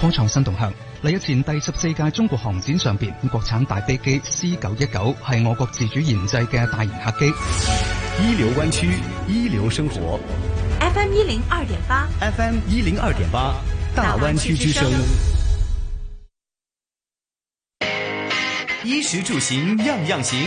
科創新動向嚟日前第十四屆中國航展上邊，國產大飛機 C 九一九係我國自主研製嘅大型客機。一流灣區，一流生活。FM 一零二點八，FM 一零二點八，大灣區之聲。衣食住行樣樣行。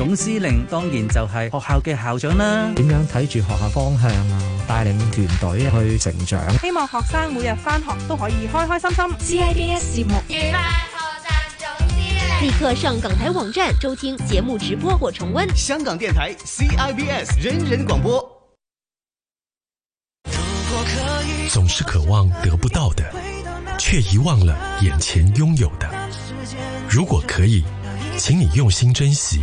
總司令當然就係學校嘅校長啦，點樣睇住學校方向啊，帶領團隊去成長。希望學生每日返學都可以開開心心。CIBS 節目嘅大河站總司令，立刻上港台網站收聽節目直播或重温。香港電台 CIBS 人人廣播。如果可以，總是渴望得不到的，卻遺忘了眼前擁有的。如果可以，請你用心珍惜。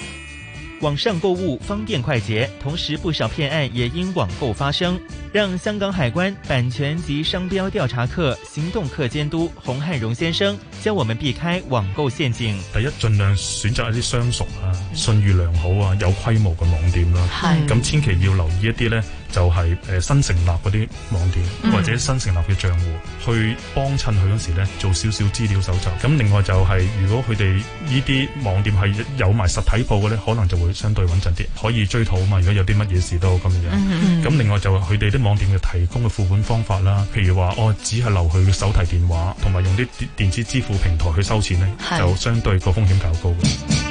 網上購物方便快捷，同時不少騙案也因網購發生，讓香港海關版權及商標調查課行動課監督洪漢榮先生教我們避開網購陷阱。第一，盡量選擇一啲相熟啊、信譽良好啊、有規模嘅網店啦。係，咁千祈要留意一啲咧。就係、是呃、新成立嗰啲網店、嗯、或者新成立嘅賬戶，去幫襯佢嗰時呢，做少少資料搜集。咁另外就係、是、如果佢哋呢啲網店係有埋實體鋪嘅呢，可能就會相對穩陣啲，可以追討嘛。如果有啲乜嘢事都咁樣。咁、嗯嗯嗯、另外就佢哋啲網店嘅提供嘅付款方法啦，譬如話我只係留佢手提電話，同埋用啲電子支付平台去收錢呢，就相對個風險較高嘅。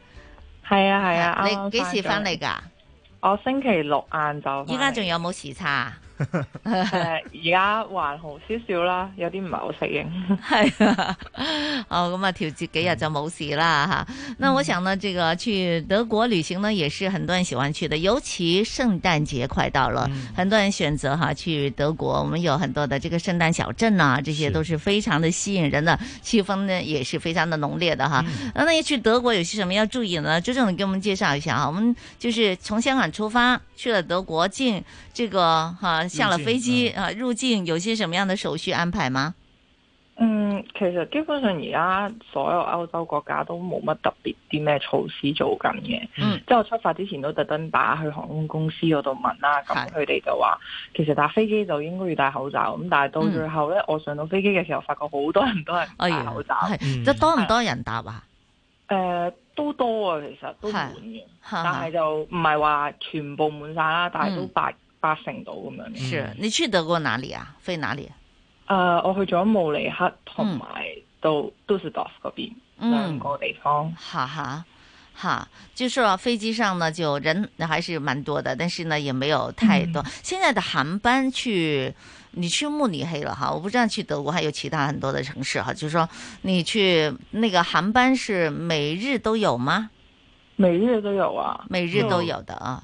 係啊係啊，是啊是啊，你幾時返嚟噶？我星期六晏晝。依家仲有冇時差？而 家、呃、還好少少啦，有啲唔係好適應。係， 哦，咁啊，調節幾日就冇事啦哈，那我想呢，這個去德國旅行呢，也是很多人喜歡去的，尤其聖誕節快到了、嗯，很多人選擇哈、啊、去德國。我們有很多的這個聖誕小鎮啊，這些都是非常的吸引人的，氣氛呢也是非常的濃烈的哈、啊嗯。那要去德國，有些什麼要注意呢？周總，你給我們介紹一下啊。我們就是從香港出發去了德國進這個哈，下了飛機啊，入、嗯、入境有些什麼樣的手續安排嗎？嗯，其實基本上而家所有歐洲國家都冇乜特別啲咩措施做緊嘅。嗯，即係我出發之前都特登打去航空公司嗰度問啦，咁佢哋就話其實搭飛機就應該要戴口罩咁，但係到最後呢、嗯，我上到飛機嘅時候發覺好多人都係戴口罩，即、哎嗯、多唔多人戴啊？誒、呃，都多啊，其實都滿嘅，但係就唔係話全部滿晒啦，但係都八。嗯八成度，咁樣。是你去德國哪裏啊？飛哪裏、啊？呃，我去咗慕尼黑，同埋到杜塞道夫嗰邊、嗯、兩個地方。哈哈，哈，就說飛機上呢，就人還是蠻多的，但是呢，也沒有太多。嗯、現在的航班去，你去慕尼黑了哈，我不知道去德國還有其他很多的城市哈。就是說，你去那個航班是每日都有嗎？每日都有啊，每日都有的啊。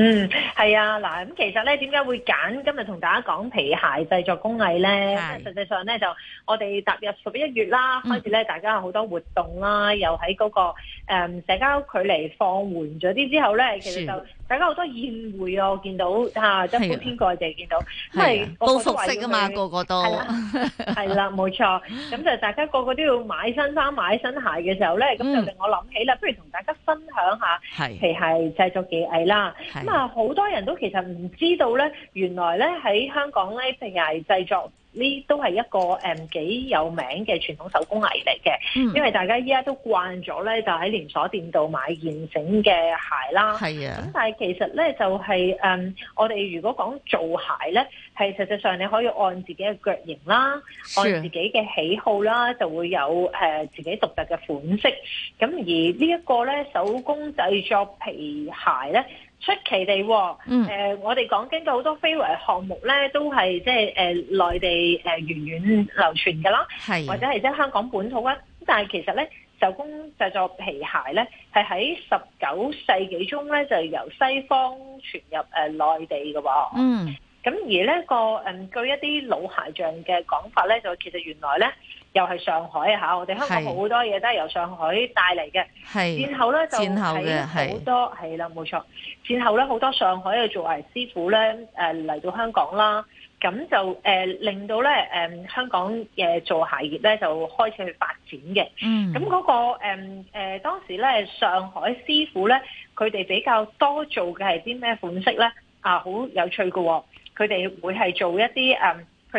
嗯，係啊，嗱，咁其實咧，點解會揀今日同大家講皮鞋製作工藝咧？實際上咧，就我哋踏入十一月啦，嗯、開始咧，大家有好多活動啦，又喺嗰、個、嗯、社交距離放緩咗啲之後咧，其實就。大家好多宴會啊！我見到嚇，即係鋪天蓋地、啊、見到，因為高服飾啊嘛，個都個多。係啦、啊，冇、 啊啊、錯。咁就大家個個都要買新衫、買新鞋嘅時候咧，咁、嗯、就令我諗起啦。不如同大家分享一下皮鞋製作技藝啦。咁啊，好多人都其實唔知道咧，原來咧喺香港咧皮鞋製作。呢都係一個誒幾、嗯、有名嘅傳統手工藝嚟嘅，因為大家依家都慣咗咧，就喺連鎖店度買現成嘅鞋啦。係啊，咁但係其實咧就係、是、誒、嗯，我哋如果講做鞋咧，係實際上你可以按自己嘅腳型啦，按自己嘅喜好啦，就會有、呃、自己獨特嘅款式。咁而呢一個咧手工製作皮鞋咧。出奇地、哦，喎、嗯呃，我哋講緊嘅好多非遺項目咧，都係即係誒內地誒源、呃、遠、遠流傳㗎咯，或者係即係香港本土啊。咁但係其實咧，手工製作皮鞋咧，係喺十九世紀中咧就由西方傳入、呃、內地嘅喎。嗯，咁而呢個誒、呃、據一啲老鞋匠嘅講法咧，就其實原來咧。又係上海嚇，我哋香港好多嘢都係由上海帶嚟嘅。係。然後咧就係好多係啦，冇錯。然後咧好多上海嘅做鞋師傅咧，嚟到香港啦，咁就、呃、令到咧、呃、香港嘅做鞋業咧就開始去發展嘅。嗯。咁嗰個誒誒、呃、當時咧，上海師傅咧，佢哋比較多做嘅係啲咩款式咧？啊，好有趣㗎喎、哦！佢哋會係做一啲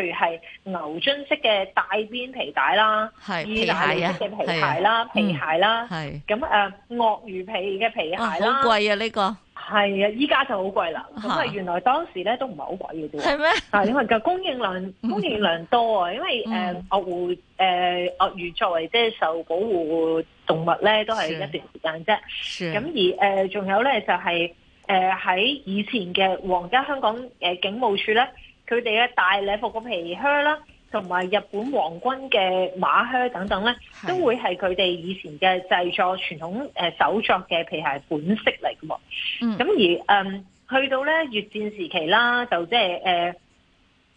譬如係牛津式嘅大邊皮帶啦,啦，意大利式嘅，皮鞋啦，是啊、皮鞋啦，咁誒鱷魚皮嘅皮鞋啦，好貴啊！呢、這個係啊，依家就好貴啦。咁啊，原來當時咧都唔係好貴嘅啫。係咩？因為個供應量 供應量多啊，因為誒鱷誒鱷魚作為即係受保護動物咧，都係一段時間啫。咁而誒仲、呃、有咧就係誒喺以前嘅皇家香港誒警務處咧。佢哋嘅大禮服個皮靴啦，同埋日本皇軍嘅馬靴等等咧，都會係佢哋以前嘅製作傳統誒手作嘅皮鞋款式嚟嘅喎。咁而誒、嗯、去到咧越戰時期啦，就即係誒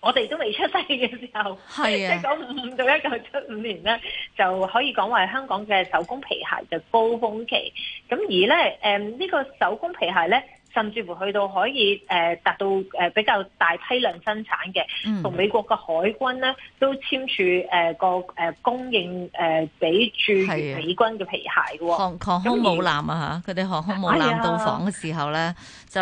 我哋都未出世嘅時候，一九五五到一九七五年咧，就可以講為香港嘅手工皮鞋嘅高峰期。咁而咧誒呢、嗯呢個手工皮鞋咧。甚至乎去到可以誒達到誒比較大批量生產嘅，同、嗯、美國嘅海軍咧都簽署誒個誒供應誒俾駐美軍嘅皮鞋嘅喎，航、啊、空母艦啊嚇，佢哋航空母艦到訪嘅時候咧、啊，就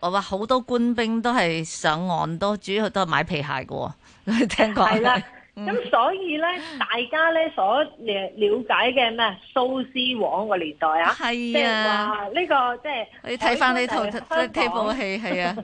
我話好多官兵都係上岸都主要都係買皮鞋嘅喎，聽講。咁所以咧，大家咧所了了解嘅咩？蘇絲黃個年代啊，係啊，呢個即係。你睇翻呢套，即係部戲，係啊，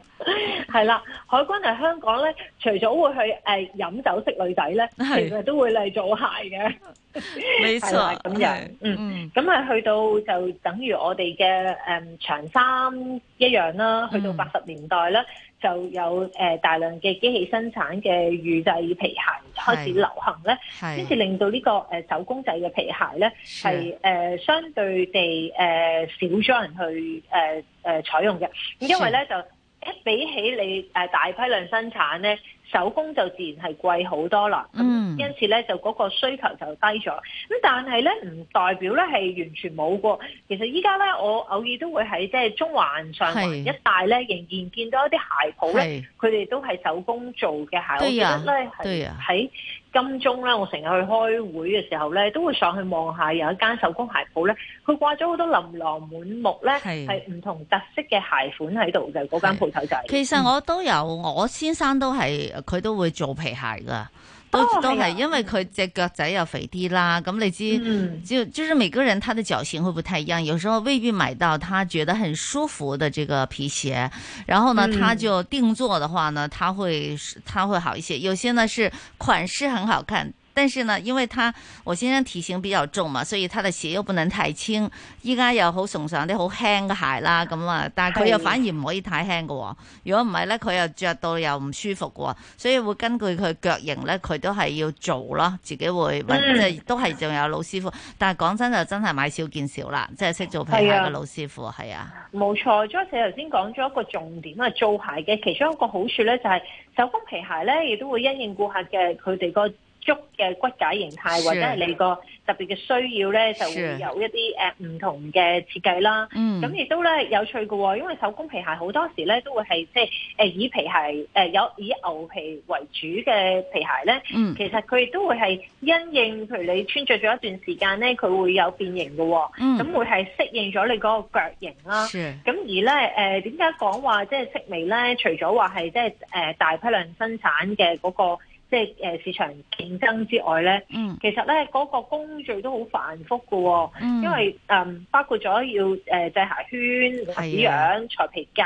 係啦。海軍喺香港咧，除咗會去誒飲酒識女仔咧，其實都會嚟做鞋嘅。冇錯，咁樣，嗯，咁係去到就等於我哋嘅誒長衫一樣啦，去到八十年代咧。就有誒、呃、大量嘅機器生產嘅預製皮鞋開始流行咧，先至令到呢、這個誒、呃、手工製嘅皮鞋咧係誒相對地誒、呃、少咗人去誒誒、呃、採用嘅，因為咧就一比起你誒、呃、大批量生產咧。手工就自然係貴好多啦，嗯，因此咧就嗰個需求就低咗，咁但係咧唔代表咧係完全冇過，其實依家咧我偶爾都會喺即係中環、上環一帶咧，仍然見到一啲鞋鋪咧，佢哋都係手工做嘅鞋，我覺得咧係喺金鐘咧，我成日去開會嘅時候咧，都會上去望下，有一間手工鞋鋪咧，佢掛咗好多琳琅滿目咧，係唔同特色嘅鞋款喺度嘅嗰間鋪頭仔。其實我都有，嗯、我先生都係，佢都會做皮鞋噶。都都係因為佢隻腳仔又肥啲啦，咁你知，mm. 就就是每個人他的腳型會不太一樣，有時候未必買到他覺得很舒服的這個皮鞋，然後呢，mm. 他就定做的話呢，他會他會好一些。有些呢是款式很好看。但是呢，因為他我先生體型比較重嘛，所以他的鞋都不能太輕。依家又好崇尚啲好輕嘅鞋啦，咁啊，但係佢又反而唔可以太輕喎、哦。如果唔係咧，佢又著到又唔舒服嘅、哦。所以會根據佢腳型咧，佢都係要做囉。自己會揾即、嗯就是、都係仲有老師傅。但係講真就真係買少見少啦，即係識做皮鞋嘅老師傅係啊，冇錯。j u 頭先講咗一個重點，啊。做鞋嘅其中一個好處咧，就係手工皮鞋咧，亦都會因應顧客嘅佢哋個足嘅骨骼形態或者係你個特別嘅需要咧，就會有一啲誒唔同嘅設計啦。咁、嗯、亦都咧有趣嘅、哦，因為手工皮鞋好多時咧都會係即係誒以皮鞋誒有、呃、以牛皮為主嘅皮鞋咧、嗯，其實佢亦都會係因應譬如你穿着咗一段時間咧，佢會有變形嘅、哦。咁、嗯、會係適應咗你嗰個腳型啦。咁而咧誒點解講話即係戚微咧？除咗話係即係誒大批量生產嘅嗰、那個。即係誒市場競爭之外咧、嗯，其實咧嗰個工序都好繁複嘅喎、嗯，因為誒包括咗要誒製鞋圈、染裁皮革，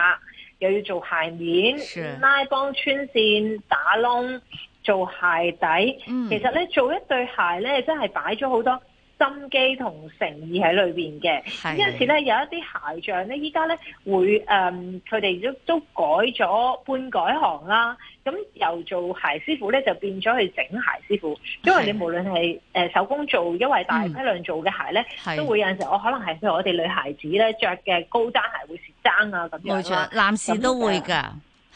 又要做鞋面、拉幫穿線、打窿、做鞋底。嗯、其實咧做一對鞋咧，真係擺咗好多心機同誠意喺裏邊嘅，有陣時咧有一啲鞋匠咧，依家咧會誒，佢哋都都改咗半改行啦。咁由做鞋師傅咧，就變咗去整鞋師傅。因為你無論係誒、呃、手工做，因為大批量做嘅鞋咧，都會有陣時，我可能係我哋女孩子咧着嘅高踭鞋會蝕踭啊，咁樣冇錯，男士都會㗎，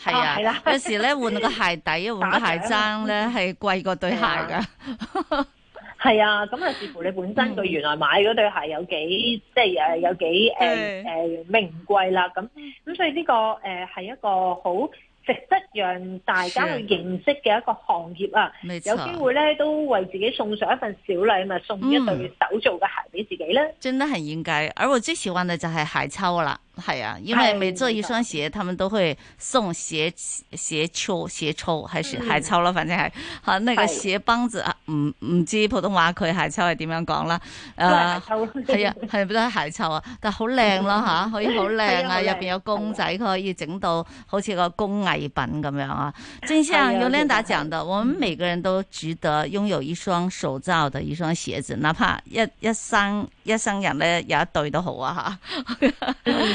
係啊。係啊係 有時咧換個鞋底，換個鞋踭咧係貴過對鞋㗎。 係啊，咁啊視乎你本身佢原來買嗰對鞋有幾、嗯、即係誒有幾誒誒名貴啦，咁、嗯、咁所以呢個誒係一個好值得讓大家去認識嘅一個行業啊，有機會咧都為自己送上一份小禮物、嗯，送一對手做嘅鞋俾自己咧。真係很應該，而我最喜歡嘅就係鞋抽啦。係啊，因為每做一雙鞋、哎，他們都會送鞋、嗯、鞋抽鞋抽，還是鞋抽啦、嗯，反正係，好、啊、那個鞋幫子啊，唔唔知道普通話佢鞋抽係點樣講啦、誒、呃，係啊，係乜嘢鞋抽啊？但係好靚咯吓，可以好靚啊，入、哎、邊有公仔，可以整到好似個工藝品咁樣啊。正像尤靚達講的、哎、我們每個人都值得擁有一雙手造的一雙鞋子，怕哪怕一一生一生人咧有一對都好啊吓。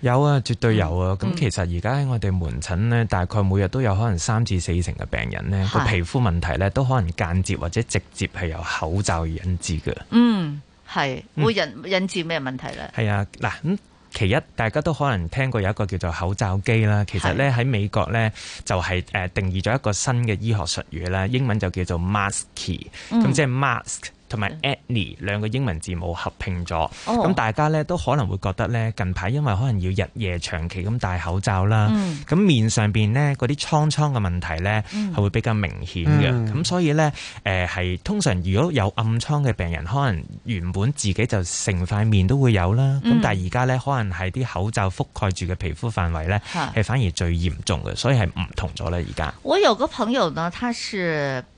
有啊，絕對有啊！咁、嗯、其實而家喺我哋門診呢，大概每日都有可能三至四成嘅病人呢，個皮膚問題呢，都可能間接或者直接係由口罩而引致嘅。嗯，係會引、嗯、引致咩問題呢？係啊，嗱咁其一，大家都可能聽過有一個叫做口罩機啦。其實呢，喺美國呢，就係誒定義咗一個新嘅醫學術語啦，英文就叫做 masky，咁、嗯、即係 mask。同埋 Annie 兩個英文字母合併咗，咁、哦、大家咧都可能會覺得咧，近排因為可能要日夜長期咁戴口罩啦，咁、嗯、面上邊咧嗰啲瘡瘡嘅問題咧係會比較明顯嘅，咁、嗯嗯、所以咧誒，係、呃、通常如果有暗瘡嘅病人，可能原本自己就成塊面都會有啦，咁但係而家咧可能係啲口罩覆蓋住嘅皮膚範圍咧係反而最嚴重嘅，所以係唔同咗啦而家。我有個朋友呢，他是。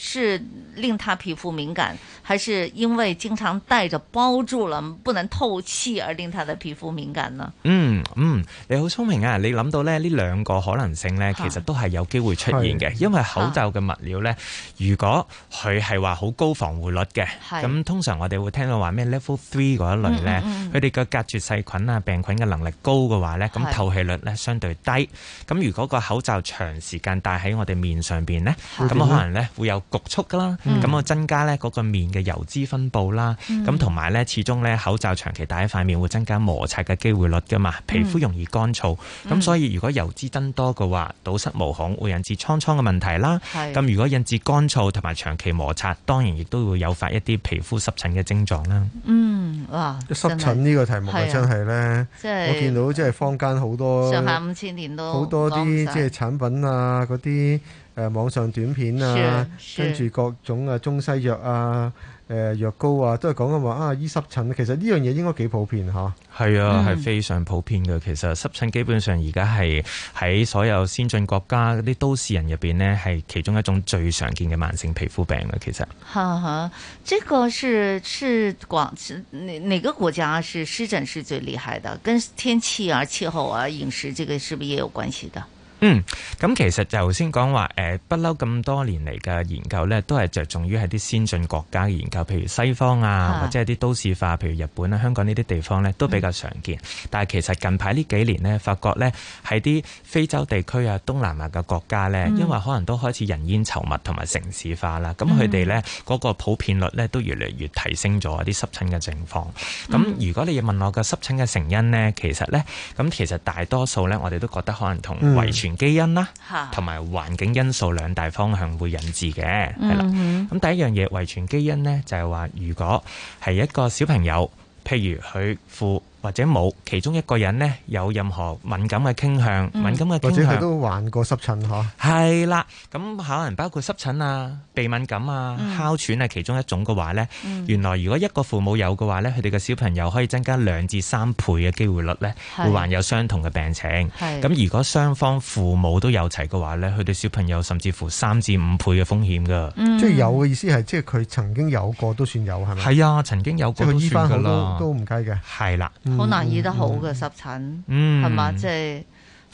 是令他皮膚敏感，還是因為經常戴着包住了不能透氣而令他的皮膚敏感呢？嗯嗯，你好聰明啊！你諗到咧呢兩個可能性呢，其實都係有機會出現嘅，啊。因為口罩嘅物料呢，啊，如果佢係話好高防護率嘅，咁，啊，通常我哋會聽到話咩 level three 嗰一類呢，佢哋嘅隔絕細菌啊病菌嘅能力高嘅話呢，咁，啊，透氣率呢相對低。咁如果個口罩長時間戴喺我哋面上邊呢，咁可能呢會有。局促噶啦，咁、嗯、我增加咧嗰個面嘅油脂分佈啦，咁同埋咧始終咧口罩長期戴喺塊面會增加摩擦嘅機會率噶嘛，皮膚容易乾燥，咁、嗯、所以如果油脂增多嘅話，堵塞毛孔會引致瘡瘡嘅問題啦。咁、嗯、如果引致乾燥同埋長期摩擦，當然亦都會誘發一啲皮膚濕疹嘅症狀啦。嗯，哇！濕疹呢個題目真係呀，真係咧、就是，我見到即係坊間好多上下五千年都好多啲即係產品啊，嗰啲。誒網上短片啊，跟住各種啊中西藥啊、呃，藥膏啊，都係講緊話啊，醫濕疹其實呢樣嘢應該幾普遍嚇？係啊，係、嗯、非常普遍嘅。其實濕疹基本上而家係喺所有先進國家嗰啲都市人入面呢，係其中一種最常見嘅慢性皮膚病啦。其實，哈哈，這個是是廣哪哪個國家是濕疹是最厲害的？跟天氣啊、氣候啊、飲食，這個是不是也有關係的？嗯，咁其實就頭先講話誒，不嬲咁多年嚟嘅研究呢，都係着重於喺啲先進國家嘅研究，譬如西方啊，或者係啲都市化，譬如日本啊、香港呢啲地方呢，都比較常見。嗯、但係其實近排呢幾年呢，發覺呢喺啲非洲地區啊、東南亞嘅國家呢、嗯，因為可能都開始人煙稠密同埋城市化啦，咁佢哋呢嗰、嗯嗰個普遍率呢，都越嚟越提升咗啲濕疹嘅情況。咁如果你要問我個濕疹嘅成因呢，其實呢，咁其實大多數呢，我哋都覺得可能同遺傳。基因啦，同埋環境因素兩大方向會引致嘅，係啦。咁第一樣嘢，遺傳基因呢，就係話如果係一個小朋友，譬如佢父。或者冇其中一個人咧，有任何敏感嘅傾向，嗯、敏感嘅傾向或者佢都患過濕疹嚇。係啦，咁可能包括濕疹啊、鼻敏感啊、哮、嗯、喘係其中一種嘅話呢，嗯、原來如果一個父母有嘅話呢，佢哋嘅小朋友可以增加兩至三倍嘅機會率呢會患有相同嘅病情。咁如果雙方父母都有齊嘅話呢，佢哋小朋友甚至乎三至五倍嘅風險㗎，嗯。即係有嘅意思係，即係佢曾經有過都算有係咪？係啊，曾經有過都算㗎啦，佢醫返好都唔計嘅。係啦。嗯好難醫得好嘅濕疹，係、嗯、嘛？即係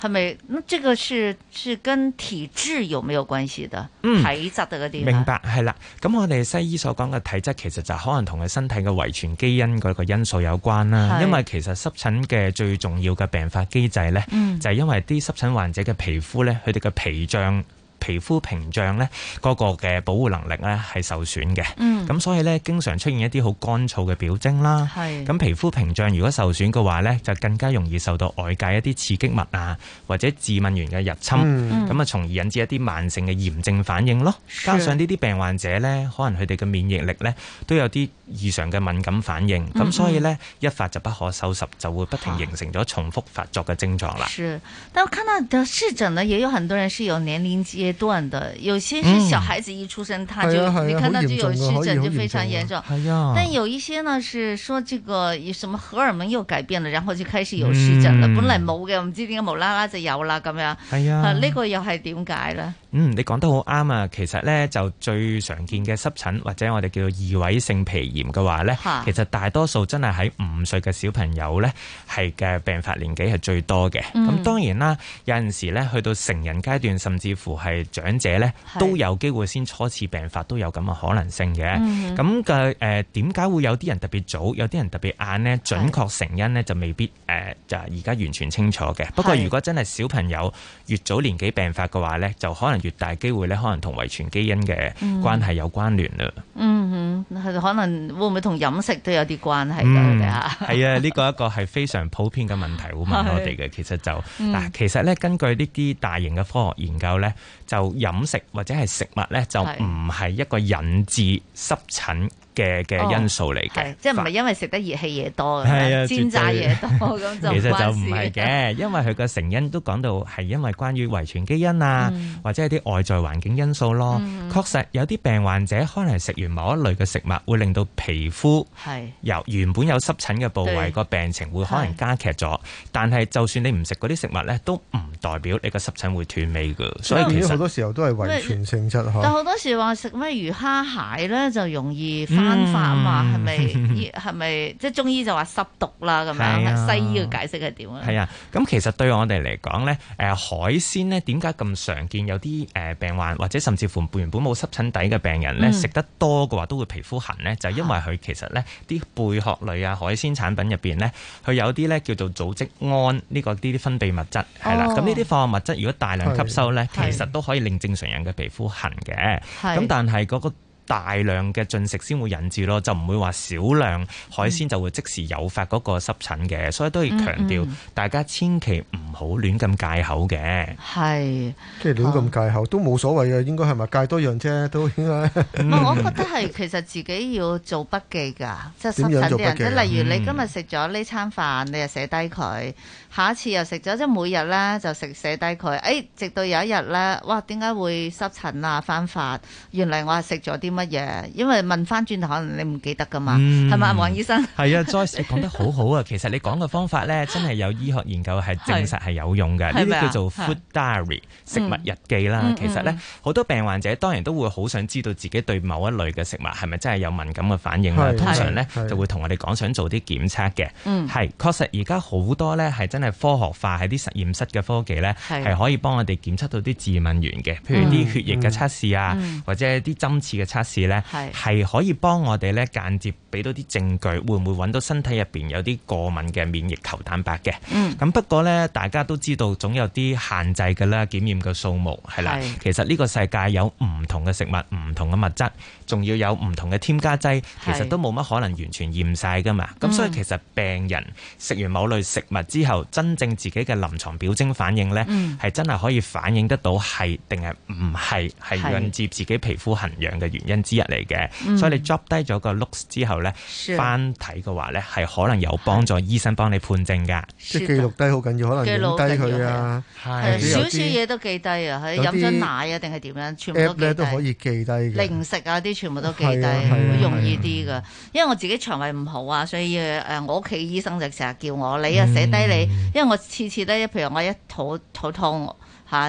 係咪？那這個是是跟體質有沒有關係的？嗯、體質啲。明白係啦，咁我哋西醫所講嘅體質，其實就是可能同佢身體嘅遺傳基因嗰個因素有關啦。因為其實濕疹嘅最重要嘅病發機制呢，嗯、就係、是、因為啲濕疹患者嘅皮膚呢，佢哋嘅皮脹。皮膚屏障咧，嗰個嘅保護能力咧係受損嘅。咁、嗯、所以咧，經常出現一啲好乾燥嘅表徵啦。咁皮膚屏障如果受損嘅話咧，就更加容易受到外界一啲刺激物啊，或者致敏原嘅入侵。咁、嗯、啊，從而引致一啲慢性嘅炎症反應咯。加上呢啲病患者咧，可能佢哋嘅免疫力咧都有啲異常嘅敏感反應，咁所以呢，一發就不可收拾，嗯嗯就會不停形成咗重複發作嘅症狀啦。是，但我看到的濕疹呢，也有很多人是有年齡階段的，有些是小孩子一出生、嗯、他就、嗯，你看到就有濕疹就非常嚴重。啊嚴重啊。但有一些呢是說這個什麼荷爾蒙又改變了，然後就開始有濕疹了。嗯、本來冇嘅，唔知點解無啦啦就有啦咁樣。係、嗯、啊。呢、呢個又係點解呢？嗯，你講得好啱啊！其實咧，就最常見嘅濕疹或者我哋叫做異位性皮炎嘅話咧，其實大多數真係喺五歲嘅小朋友咧係嘅病發年紀係最多嘅。咁、嗯、當然啦，有陣時咧去到成人階段，甚至乎係長者咧都有機會先初次病發，都有咁嘅可能性嘅。咁嘅誒點解會有啲人特別早，有啲人特別晏咧？準確成因咧就未必誒、呃、就而家完全清楚嘅。不過如果真係小朋友越早年紀病發嘅話咧，就可能。越大機會咧，可能同遺傳基因嘅關係有關聯啦、嗯。嗯哼，係可能會唔會同飲食都有啲關係咧？佢哋吓係啊，呢個 一個係非常普遍嘅問題，會問我哋嘅。其實就嗱，其實咧根據呢啲大型嘅科學研究咧，就飲食或者係食物咧，就唔係一個引致濕疹。嘅嘅因素嚟嘅，即係唔係因為食得熱氣嘢多，係啊，煎炸嘢多咁就關事。其實就唔係嘅，因為佢個成因都講到係因為關於遺傳基因啊，或者係啲外在環境因素咯。確實有啲病患者可能食完某一類嘅食物，會令到皮膚係由原本有濕疹嘅部位個病情會可能加劇咗。但係就算你唔食嗰啲食物咧，都唔代表你個濕疹會斷尾㗎。所以其實好多時候都係遺傳性質嚇。但係好多時話食咩魚蝦蟹咧，就容易。胺化啊嘛，係 咪樂？係、嗯、咪？即係中醫就話濕毒啦，咁樣。西醫嘅解釋係點啊？係啊。咁其實對我哋嚟講呢，誒，海鮮呢點解咁常見？有啲誒病患或者甚至乎原本冇濕疹底嘅病人呢、嗯，食得多嘅話都會皮膚痕呢？就係、因為佢其實呢啲貝殼類啊海鮮產品入邊呢，佢有啲呢叫做組織胺呢個啲啲分泌物質係啦。咁呢啲化學物質如果大量吸收呢，其實都可以令正常人嘅皮膚痕嘅。咁但係嗰、嗰個。大量嘅進食先會引致咯，就唔會話少量海鮮就會即時誘發嗰個濕疹嘅，嗯，所以都要強調大家千祈唔好亂咁戒口嘅。係即係亂咁戒口都冇所謂嘅，應該係咪戒多樣啫？都應該，嗯、 唔係，我覺得係其實自己要做筆記㗎，即、就、係、是、濕疹啲人，例如你今日食咗呢餐飯，你又寫低佢。嗯嗯下一次又食咗，即係每日咧就食寫低佢。誒、哎，直到有一日咧，哇，點解會濕疹啊、翻發？原來我係食咗啲乜嘢？因為問翻轉頭，可能你唔記得噶嘛，係、嗯、嘛，王醫生？係啊，Joyce，你講得好好啊！其實你講嘅方法咧，真係有醫學研究係證實係有用嘅。呢個叫做 food diary 食物日記啦。嗯、其實咧，好、嗯嗯、多病患者當然都會好想知道自己對某一類嘅食物係咪真係有敏感嘅反應啦。通常咧就會同我哋講想做啲檢測嘅。係、嗯、確實現在，而家好多咧係真。係科學化，喺啲實驗室嘅科技呢係可以幫我哋檢測到啲致敏原嘅，譬如啲血液嘅測試啊、嗯嗯，或者啲針刺嘅測試呢係可以幫我哋呢，間接俾到啲證據，會唔會揾到身體入邊有啲過敏嘅免疫球蛋白嘅？咁、嗯、不過呢，大家都知道總有啲限制噶啦，檢驗嘅數目係啦。其實呢個世界有唔同嘅食物、唔同嘅物質，仲要有唔同嘅添加劑，其實都冇乜可能完全驗晒噶嘛。咁所以其實病人食完某類食物之後，真正自己嘅臨床表徵反應咧，係、嗯、真係可以反映得到係定係唔係係引致自己皮膚痕癢嘅原因之一嚟嘅、嗯。所以你 o 執低咗個 look s 之後咧，翻睇嘅話咧，係可能有幫助醫生幫你判證㗎。即係記錄低好緊要，可能用、啊、記錄低佢啊。係少少嘢都記低啊，喺飲咗奶啊定係點樣，全部都可以記低嘅。零食啊啲全部都記低，好、啊、容易啲㗎。因為我自己腸胃唔好啊，所以誒、呃、我屋企醫生就成日叫我你啊寫低你。嗯。因為我次次咧，譬如我一肚肚痛。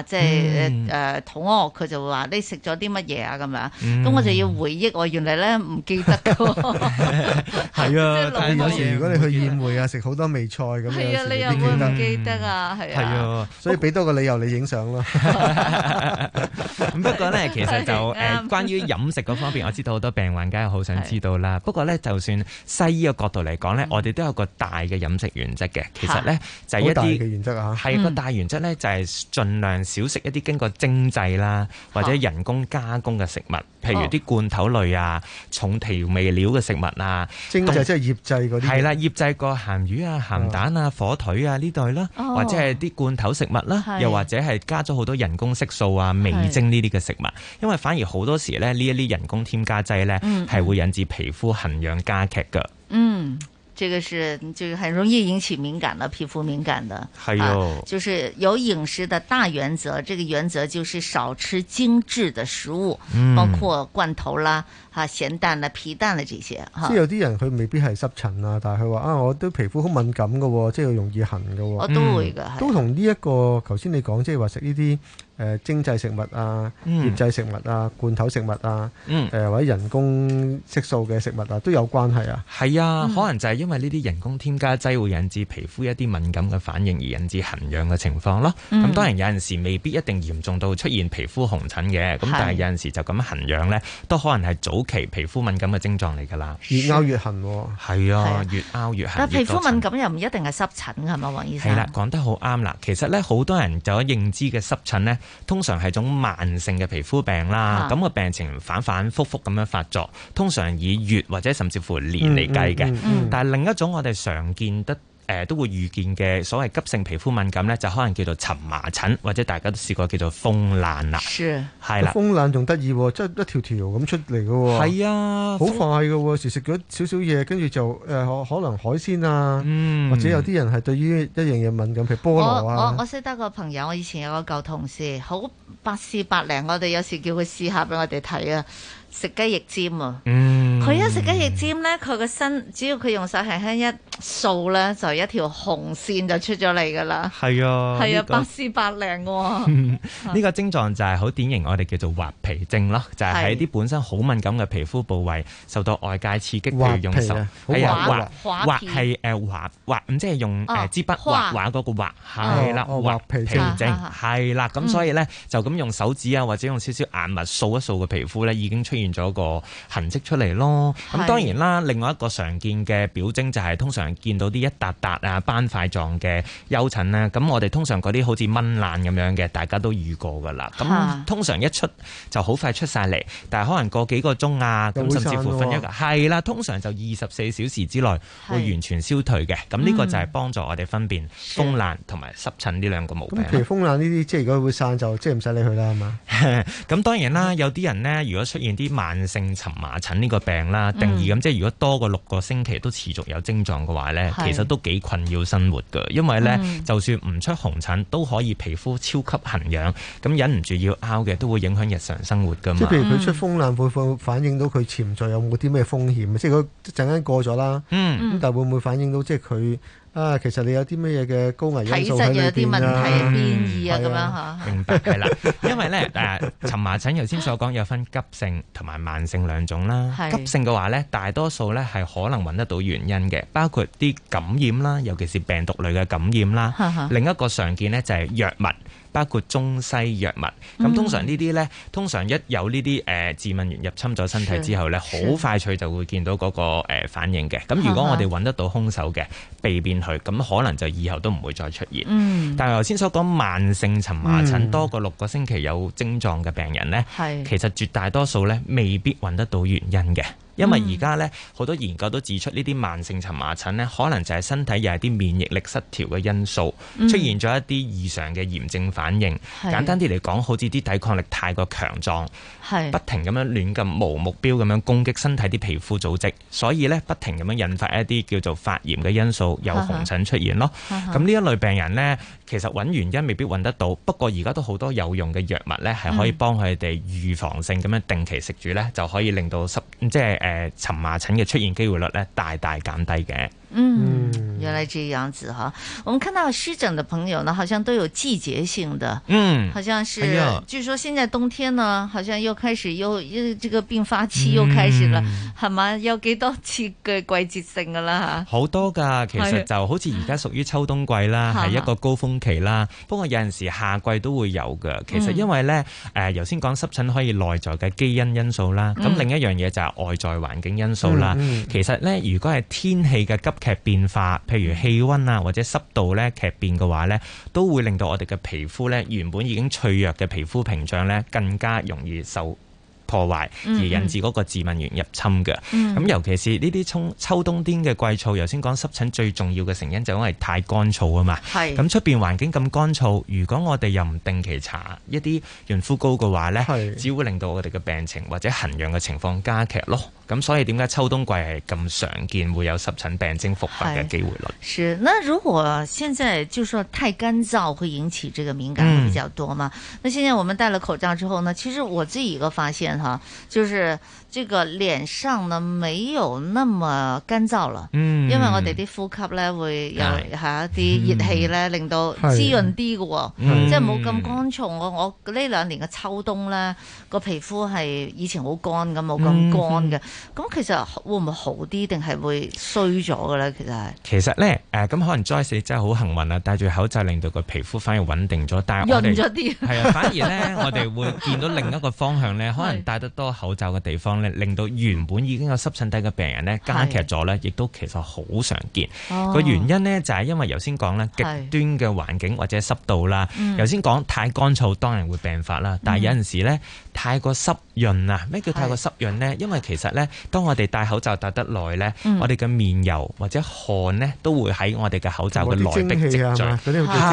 即係誒肚屙，佢就話你食咗啲乜嘢啊？咁、嗯、樣，咁、嗯、我就要回憶我原來咧唔記得嘅。係、嗯、 啊，但、就、係、是、有時、嗯，如果你去宴會啊，食好多味菜咁樣，有冇唔記得啊？係啊、啊、啊，所以俾多個理由你影相咯。咁 不過咧，其實就誒，關於飲食嗰方面，我知道好多病患梗係好想知道啦、啊。不過咧，就算西醫嘅角度嚟講咧，我哋都有一個大嘅飲食原則嘅。其實咧就是一啲嘅、啊、原則係、啊啊、個大原則咧就係盡量。少食一啲經過精製啦，或者人工加工嘅食物，譬如啲罐頭類啊、重調味料嘅食物啊、哦，精製即係醃製嗰啲。係啦，醃製過鹹魚啊、鹹蛋啊、哦、火腿啊呢類啦，或者係啲罐頭食物啦、哦，又或者係加咗好多人工色素啊、味精呢啲嘅食物，因為反而好多時咧呢一啲人工添加劑咧係會引致皮膚痕癢加劇嘅。嗯。嗯。這個是就是很容易引起敏感的皮膚敏感的，係哦、啊，就是有飲食的大原則，這個原則就是少吃精致的食物，嗯、包括罐頭啦、啊鹹蛋啦、皮蛋啦這、嗯、些。即係有啲人佢未必係濕疹啊，但係佢話啊，我對皮膚好敏感噶、哦，即係容易痕噶、哦。我都會噶，都同呢一個頭先、嗯這個、你講，即係話食呢啲。誒精製食物啊、醃製食物啊、罐頭食物啊，誒、嗯呃、或者人工色素嘅食物啊，都有關係啊。係啊、嗯，可能就係因為呢啲人工添加劑會引致皮膚一啲敏感嘅反應，而引致痕癢嘅情況咯。咁、嗯、當然有陣時未必一定嚴重到出現皮膚紅疹嘅，咁但係有陣時就咁痕癢呢，都可能係早期皮膚敏感嘅症狀嚟㗎啦。越拗越痕喎、哦。係啊，越拗越痕越。但皮膚敏感又唔一定係濕疹㗎係嘛，王醫生？啦、啊，講得好啱啦。其實呢，好多人就認認知嘅濕疹呢。通常係種慢性嘅皮膚病啦，咁、啊、個病情反反覆覆咁樣發作，通常以月或者甚至乎年嚟計嘅、嗯嗯嗯嗯。但係另一種我哋常見得。誒、呃，都會遇見嘅所謂急性皮膚敏感咧，就可能叫做蕁麻疹，或者大家都試過叫做風癩啦。是係啦，了風癩仲得意，即係一條條咁出嚟嘅。係啊，好快嘅，食食咗少少嘢，跟住就誒可、呃、可能海鮮啊，嗯、或者有啲人係對於一樣嘢敏感，譬如菠蘿啊。我我,我,我識得個朋友，我以前有個舊同事，好百試百靈，我哋有時叫佢試下俾我哋睇啊。食雞翼尖啊，佢、嗯、一食雞翼尖咧，佢個身只要佢用手輕輕一掃咧，就一條紅線就出咗嚟噶啦。係啊，係啊，百試百靈喎。呢、啊、 個症狀就係好典型，我哋叫做畫皮症啦，就係喺啲本身好敏感嘅皮膚部位受到外界刺激，譬如用手，係啊，畫畫，係，誒畫畫咁，即係用誒支筆畫畫嗰個畫，係啦，畫、啊啊啊啊、皮症係啦。咁所以咧就咁用手指啊，或者用少少眼物掃一掃個皮膚咧，已經出現，變咗個痕跡出嚟咯，咁當然啦。另外一個常見嘅表徵就係、是，通常見到啲一笪笪啊、斑塊狀嘅丘疹啦。咁我哋通常嗰啲好似蚊爛咁樣嘅，大家都遇過噶啦。咁通常一出就好快出晒嚟，但係可能過幾個鐘啊，甚至乎分一個，係啦、啊。通常就二十四小時之內會完全消退嘅。咁呢個就係幫助我哋分辨風爛同埋濕疹呢兩個毛病。咁、嗯嗯、譬如風爛呢啲，即係如果會散就即係唔使理佢啦嘛。咁 當然啦，有啲人呢，如果出現啲慢性蕁麻疹呢個病啦，定義咁，即係如果多過六個星期都持續有症狀嘅話呢、嗯、其實都幾困擾生活噶因為呢，嗯、就算唔出紅疹，都可以皮膚超級痕癢，咁忍唔住要拗嘅，都會影響日常生活噶嘛。譬如佢出風冷，會唔會反映到佢潛在有冇啲咩風險？即係佢陣間過咗啦，咁但係會唔會反映到有有即係佢？嗯嗯啊，其實你有啲乜嘢嘅高危因素在，啊、體質有啲問題是啊，變、嗯、異啊，咁樣嚇，明白。係 啦，因為咧誒，蕁麻疹頭先所講有分急性同埋慢性兩種啦。 急性嘅話咧，大多數咧係可能搵得到原因嘅，包括啲感染啦，尤其是病毒類嘅感染啦。 另一個常見咧就係藥物。包括中西藥物，咁通常這些呢啲呢、嗯，通常一有呢啲誒致敏原入侵咗身體之後呢，好快脆就會見到嗰、那個、呃、反應嘅。咁如果我哋揾得到兇手嘅，避免佢，咁可能就以後都唔會再出現。嗯、但係我頭先所講慢性蕁麻疹、嗯、多過六個星期有症狀嘅病人呢，其實絕大多數呢未必揾得到原因嘅。因為而家咧，好多研究都指出呢啲慢性沉麻疹蕁麻疹咧，可能就係身體又係啲免疫力失調嘅因素出現咗一啲異常嘅炎症反應。嗯、簡單啲嚟講，好似啲抵抗力太過強壯，不停咁樣亂咁無目標咁樣攻擊身體啲皮膚組織，所以咧不停咁樣引發一啲叫做發炎嘅因素，有紅疹出現咯。咁呢一類病人呢。其實搵原因未必搵得到，不過而家都好多有用嘅藥物咧，係可以幫佢哋預防性咁樣定期食住咧，嗯、就可以令到濕即係誒、呃、蕁麻疹嘅出現機會率咧，大大減低嘅。嗯，原來這樣子哈，我們看到濕疹的朋友呢，好像都有季節性的，嗯，好像是，是據說現在冬天呢，好像又開始又又這個病發期又開始了，係、嗯、嘛，有幾多次嘅季節性噶啦，好多噶，其實就好似而家屬於秋冬季啦，係一個高峰期啦，是不過有陣時夏季都會有噶，其實因為呢，誒、嗯，頭、呃、先講濕疹可以內在嘅基因因素啦，咁、嗯、另一樣嘢就係外在環境因素啦，嗯、其實呢，如果係天氣嘅急劇變化，譬如氣溫啊，或者濕度咧，劇變嘅話咧，都會令到我哋嘅皮膚咧，原本已經脆弱嘅皮膚屏障咧更加容易受破壞，而引致嗰個致敏源入侵嘅。咁、嗯、尤其是呢啲秋秋冬天嘅季燥，頭先講濕疹最重要嘅成因就係、因為太乾燥啊嘛。係咁出邊環境咁乾燥，如果我哋又唔定期搽一啲潤膚膏嘅話咧，只會令到我哋嘅病情，或者痕癢嘅情況加劇咯。咁所以點解秋冬季係咁常見會有濕疹病徵復發嘅機會率是？是，那如果現在就是說太乾燥，會引起這個敏感比較多嘛、嗯？那現在我們戴了口罩之後呢？其實我自己一個發現哈，就是。呢、這個臉上呢沒有那麼乾燥啦，因為我哋啲呼吸咧會有吓啲熱氣咧、嗯，令到滋潤啲嘅、哦嗯，即係冇咁乾燥。我我呢兩年嘅秋冬咧個皮膚係以前好乾咁，冇咁乾嘅。咁、嗯、其實會唔會好啲，定係會衰咗嘅咧？其實係其實咧，誒、呃、咁可能 Joyce，真係好幸運啦，戴住口罩令到個皮膚反而穩定咗，但係我哋係啊，反而咧 我哋會見到另一個方向咧，可能戴得多口罩嘅地方咧。令到原本已經有濕疹底嘅病人咧加劇咗咧，亦都其實好常見。個、哦、原因咧就係因為頭先講咧極端嘅環境或者濕度啦。頭先講太乾燥，當然會病發啦。但係有陣時咧，嗯太過濕潤啊！咩叫太過濕潤呢？因為其實呢，當我哋戴口罩戴得耐呢，我哋嘅面油或者汗呢，都會喺我哋嘅口罩嘅內壁積聚。嗰啲叫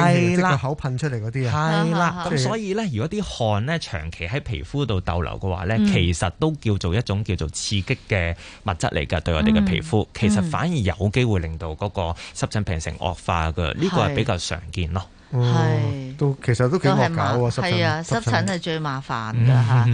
蒸氣啊啦，口噴出嚟嗰啲啊，係啦。咁所以呢，如果啲汗呢，長期喺皮膚度逗留嘅話呢，其實都叫做一種叫做刺激嘅物質嚟㗎，對我哋嘅皮膚，其實反而有機會令到嗰個濕疹病情惡化嘅。呢個係比較常見咯。係、哦，都其實都幾難搞啊！係、嗯、啊，濕疹係最麻煩噶吓。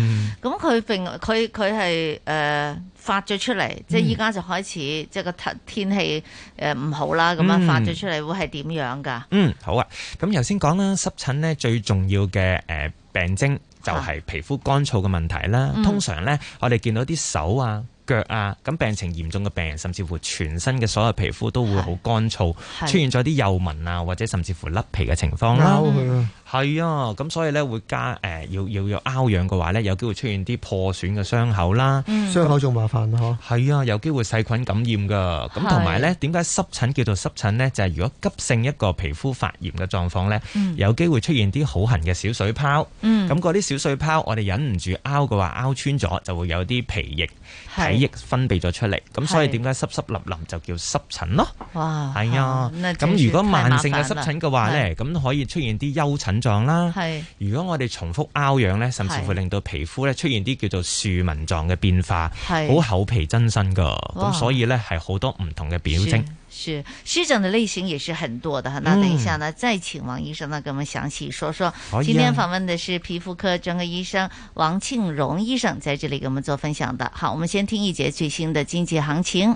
咁佢並佢佢係誒發咗出嚟，嗯，即係依家就開始，即係個天天氣誒唔好啦，咁、嗯、樣發咗出嚟會係點樣噶？嗯，好啊。咁頭先講啦，濕疹咧最重要嘅，誒、呃、病徵就係皮膚乾燥嘅問題啦、啊。通常咧，我哋見到啲手啊。腳啊，咁病情嚴重嘅病人，甚至乎全身嘅所有皮膚都會好乾燥，出現咗啲幼紋啊，或者甚至乎甩皮嘅情況啦、啊。Mm -hmm. 係啊，咁所以咧會加誒、呃、要要有拗癢嘅話咧，有機會出現啲破損嘅傷口啦、嗯。傷口仲麻煩啊！嗬。係啊，有機會細菌感染㗎。咁同埋咧，點解濕疹叫做濕疹咧？就係、是、如果急性一個皮膚發炎嘅狀況咧、嗯，有機會出現啲好痕嘅小水泡。咁嗰啲小水泡我，我哋忍唔住拗嘅話拗穿咗，就會有啲皮液、體液分泌咗出嚟。咁所以點解濕濕立立就叫濕疹咯？哇！係啊，咁、嗯、如果慢性嘅濕疹嘅話咧，咁可以出現啲丘疹。狀啦，如果我哋重複撓癢咧，甚至會令到皮膚呢出現啲叫做樹紋狀嘅變化，係好厚皮增生噶咁所以呢，係好多唔同嘅表徵。是濕疹的類型也是很多的哈。那等一下呢，再請王醫生呢，給我們詳細說說、嗯，可以啊。今天訪問的是皮膚科專科醫生王慶榮醫生，在這裏給我們做分享的。的好，我們先聽一節最新的經濟行情。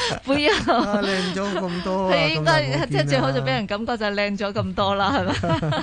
不要，靚咗咁多，啊，你 應該即係最好就俾人感覺就靚咗咁多啦，係嘛？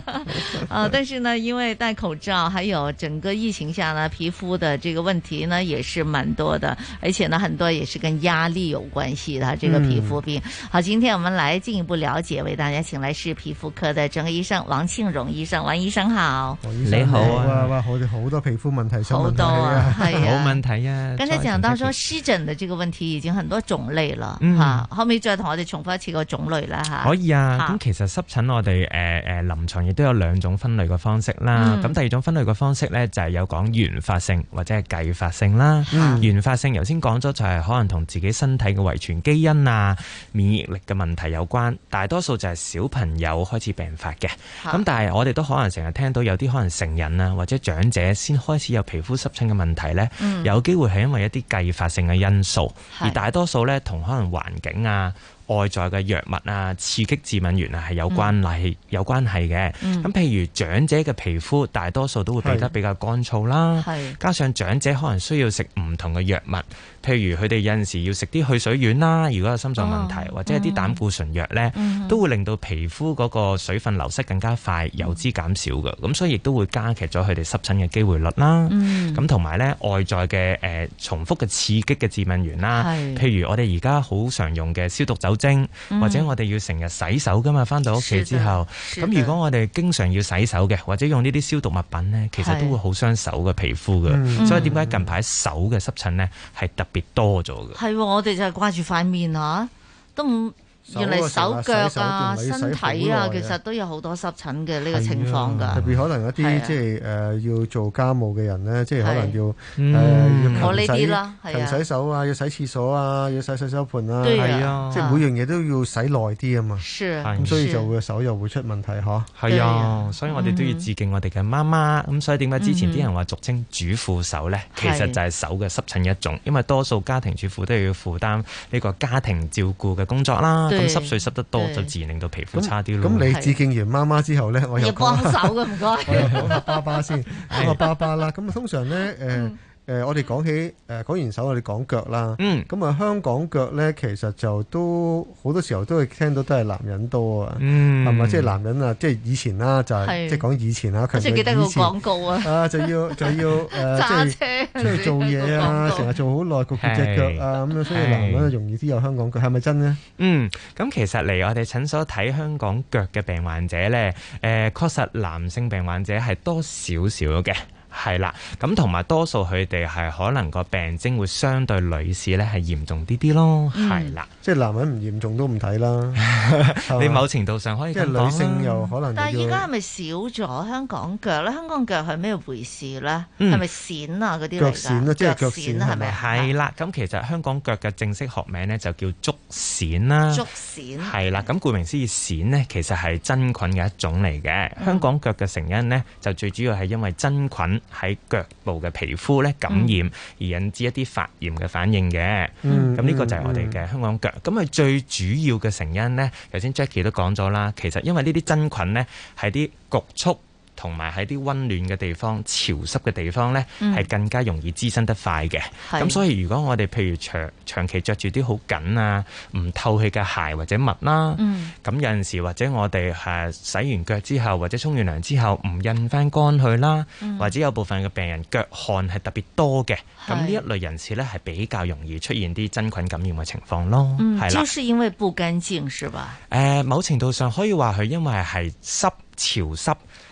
啊，但是呢，因為戴口罩，還有整個疫情下呢，皮膚的這個問題呢，也是蠻多的，而且呢，很多也是跟壓力有關係的這個皮膚病，嗯。好，今天我們來進一步了解，為大家請來是皮膚科的專科醫生王慶榮醫生，王醫生好，你好，、啊，好啊，哇，好多皮膚問題，好多啊，係啊，冇問題啊。剛，啊啊， 才講到說濕疹的這個問題已經很多種類。係、嗯、啦，可唔可以再同我哋重複一次個種類啦？吓可以啊。咁、啊、其實濕疹我哋誒誒臨床亦都有兩種分類嘅方式啦。咁、嗯、第二種分類嘅方式咧，就係、是、有講原發性或者係繼發性啦、嗯。原發性，頭先講咗就係可能同自己身體嘅遺傳基因啊、免疫力嘅問題有關。大多數就係小朋友開始病發嘅。咁、啊、但係我哋都可能成日聽到有啲可能成人啊或者長者先開始有皮膚濕疹嘅問題咧、嗯，有機會係因為一啲繼發性嘅因素、嗯，而大多數咧。同可能環境啊、外在嘅藥物啊、刺激、致敏源啊係有關係、有關係嘅。咁、嗯、譬如長者嘅皮膚大多數都會變得比較乾燥啦，加上長者可能需要食唔同嘅藥物。譬如佢哋有陣時要食啲去水丸啦，如果有心臟問題、哦、或者係啲膽固醇藥咧、嗯，都會令到皮膚嗰個水分流失更加快，嗯、油脂減少嘅，咁所以亦都會加劇咗佢哋濕疹嘅機會率啦。咁同埋咧外在嘅誒、呃、重複嘅刺激嘅致敏源啦，譬如我哋而家好常用嘅消毒酒精，嗯、或者我哋要成日洗手噶嘛，返到屋企之後，咁如果我哋經常要洗手嘅，或者用呢啲消毒物品咧，其實都會好傷手嘅皮膚嘅、嗯。所以點解近排手嘅濕疹咧係、嗯、特別多咗嘅，係我哋就係掛住塊面啊，都唔。原嚟手腳啊手、身體啊，其實都有好多濕疹嘅呢個情況㗎。特別可能一啲、啊、即係、uh, 要做家務嘅人咧，即係、啊、可能要誒、uh, 嗯、要勤洗、啊、勤洗手啊，要洗廁所啊，要洗洗手盆啊，係啊，即係每樣嘢都要洗耐啲啊嘛。係咁、啊、所以就會、啊、手又會出問題嗬，係啊，啊，啊，所以我哋都要致敬我哋嘅媽媽。咁、嗯、所以點解之前啲人話俗稱主婦手咧、嗯？其實就係手嘅濕疹一種，因為多數家庭主婦都要負擔呢個家庭照顧嘅工作啦。咁濕水濕得多就自然令到皮膚差啲咯。咁你致敬完媽媽之後咧，我又要幫手㗎，唔該。我講下爸爸先， 我爸爸啦。咁通常咧，呃嗯誒、呃，我哋講起誒，講、呃、完手我哋講腳啦。嗯，咁啊，香港腳咧，其實就都好多時候都會聽到都係男人多啊。嗯，係咪即係男人啊？即係、就是、以前啦、啊，就係即係講以前啦。即係記得個廣告啊。啊，就要就要誒，即 係、呃就是、揸車出去做嘢啊，成日做好耐，焗住隻腳啊，咁樣，所以男人容易啲有香港腳，係咪真咧？嗯，咁其實嚟我哋診所睇香港腳嘅病患者咧，誒、呃，確實男性病患者係多少少嘅。係啦，咁同埋多數佢哋係可能個病徵會相對女士咧係嚴重啲啲咯，係啦、嗯。即係男人唔嚴重都唔睇啦。你某程度上可以咁講。即係女性又可能。但係而家係咪少咗香港腳咧？香港腳係咩回事咧？係咪癬啊嗰啲嚟㗎？腳癬咯，即係腳癬係咪？係啦，咁、嗯、其實香港腳嘅正式學名咧就叫足癬啦。足癬係啦，咁顧名思義癬咧其實係真菌嘅一種嚟嘅、嗯。香港腳嘅成因咧就最主要係因為真菌。喺腳部嘅皮膚咧感染而引致一啲發炎嘅反應嘅，咁、嗯、呢、這個就係我哋嘅香港腳。咁、嗯、啊、嗯、最主要嘅成因咧，頭先 Jackie 都講咗啦，其實因為呢啲真菌咧係啲焗促。同埋喺啲溫暖嘅地方、潮濕嘅地方呢，係、嗯、更加容易滋生得快嘅。咁所以如果我哋譬如長長期着住啲好緊啊、唔透氣嘅鞋或者襪啦，咁、嗯、有陣時或者我哋係、啊、洗完腳之後或者沖完涼之後唔印翻乾去啦、嗯，或者有部分嘅病人腳汗係特別多嘅，咁呢一類人士呢，係比較容易出現啲真菌感染嘅情況咯。係、嗯、啦，主、就、要是因為不乾淨，是吧？呃、某程度上可以話佢因為係濕潮濕。出啦，啲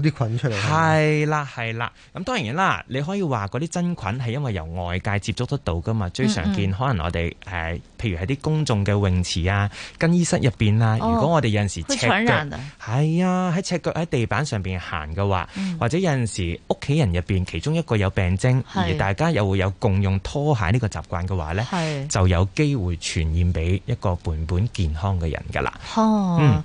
菌出嚟。係啦，係啦。咁當然啦，你可以話嗰啲真菌係因為由外界接觸得到噶嘛，嗯嗯，最常見可能我哋誒、呃，譬如喺啲公眾嘅泳池啊、更衣室入邊啊，如果我哋有陣時赤腳，係、哦、啊，喺赤腳喺地板上邊行嘅話，嗯嗯，或者有陣時屋企人入邊其中一個有病徵，而大家又會有共用拖鞋呢個習慣嘅話呢，就有機會傳染俾一個本本健康嘅人噶啦。哦、嗯。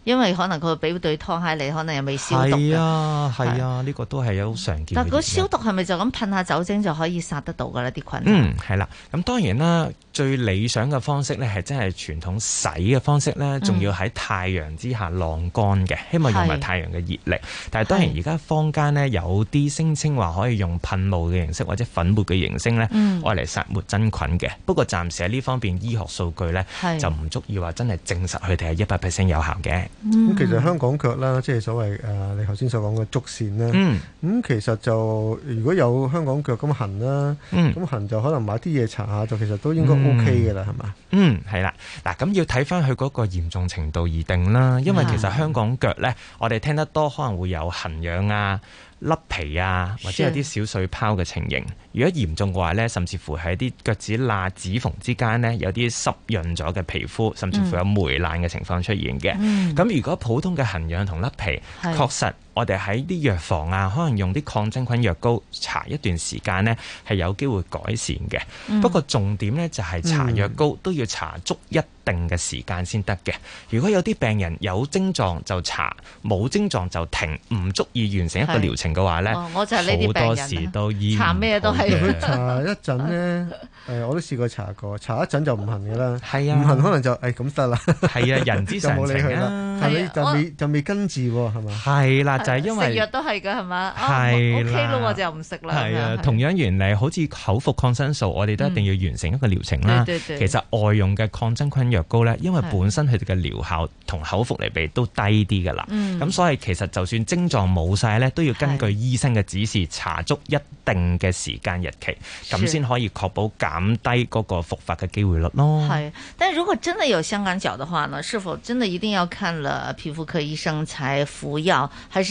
因為可能佢俾對拖鞋你，可能又未消毒嘅。係啊，係啊，呢、這個都係有常見。但係佢消毒係咪就咁噴下酒精就可以殺得到噶啦啲菌？嗯，係啦。咁、嗯、當然啦，最理想嘅方式咧，係真係傳統洗嘅方式咧，仲要喺太陽之下晾乾嘅，希望用埋太陽嘅熱力。但係當然而家坊間呢，有啲聲稱話可以用噴霧嘅形式或者粉末嘅形式咧，愛嚟殺滅真菌嘅、嗯。不過暫時喺呢方面醫學數據咧，就唔足以話真係證實佢哋係一百 percent 有效嘅。咁、嗯、其實香港腳啦，即係所謂誒、啊、你頭先所講嘅足癬咧。咁、嗯嗯、其實就如果有香港腳咁痕啦，咁、嗯、痕就可能買啲嘢搽下，就其實都應該 O K 嘅啦，係嘛？嗯，係啦。嗱、嗯，咁要睇翻佢嗰個嚴重程度而定啦。因為其實香港腳呢，我哋聽得多可能會有痕癢啊。甩皮啊，或者有啲小水泡嘅情形。如果嚴重嘅話呢，甚至乎喺啲腳趾罅、指縫之間呢，有啲濕潤咗嘅皮膚，甚至乎有霉爛嘅情況出現嘅。咁、嗯、如果普通嘅痕癢同甩皮，確實。我哋喺啲藥房啊，可能用啲抗真菌藥膏搽一段時間呢，係有機會改善嘅、嗯。不過重點呢，就係搽藥膏、嗯、都要搽足一定嘅時間先得嘅。如果有啲病人有症狀就搽；冇症狀就停。唔足以完成一個療程嘅話咧、哦，我就呢好多時都醫唔好嘅。搽咩都係，搽 一陣呢，我都試過搽過，搽一陣就唔行嘅啦。係啊，唔行可能就誒咁得啦。係、哎、 啊，人之常情啦、啊。係 咪就未就未根治喎？係嘛？係啦。是啊。 就係、是、因為食藥都係嘅係嘛，係啦、啊 okay，我就唔食啦。啊，同樣原理，好似口服抗生素，嗯、我哋都一定要完成一個療程啦。對對對，其實外用嘅抗真菌藥膏咧，因為本身佢哋嘅療效同口服嚟比都低啲嘅啦。咁、嗯、所以其實就算症狀冇晒咧，都要根據醫生嘅指示查足一定嘅時間日期，咁先可以確保減低嗰個復發嘅機會率咯。但如果真係有香港腳嘅話呢？是否真係一定要看了皮膚科醫生才服藥，還是？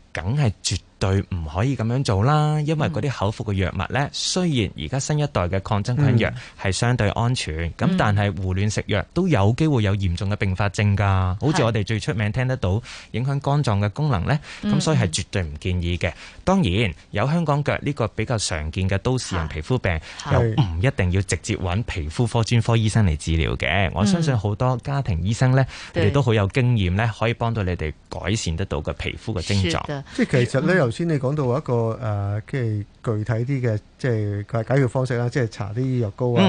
梗係絕對唔可以咁樣做啦，因為嗰啲口服嘅藥物呢、嗯，雖然而家新一代嘅抗真菌藥係相對安全，咁、嗯、但係胡亂食藥都有機會有嚴重嘅併發症㗎、嗯。好似我哋最出名聽得到影響肝臟嘅功能呢，咁、嗯、所以係絕對唔建議嘅。當然有香港腳呢個比較常見嘅都市人皮膚病，嗯、又唔一定要直接揾皮膚科專科醫生嚟治療嘅、嗯。我相信好多家庭醫生呢，亦、嗯、都好有經驗呢，可以幫到你哋改善得到嘅皮膚嘅症狀。即係其實咧，頭先你講到一個誒，即係具體啲嘅。即係解解決方式啦，即係搽啲藥膏啊，